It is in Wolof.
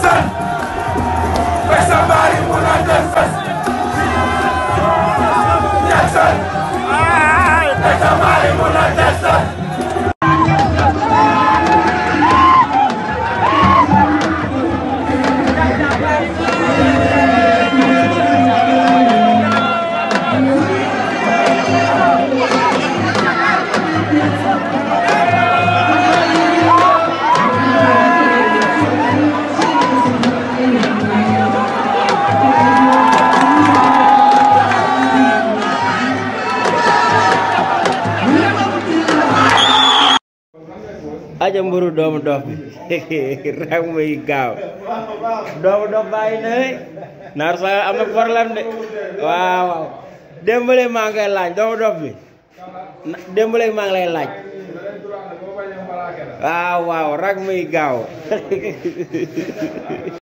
personne personne bari mu naan leen fas Jackson personne bari mu naan leen fas Thank you. aja mburu doomu dof bi muy gaaw doomu dof bàyyi na naar sa am na problème waaw waaw démbale maa ngi laaj doomu dof bi démbale maa ngi lay laaj waaw waaw rag muy gaaw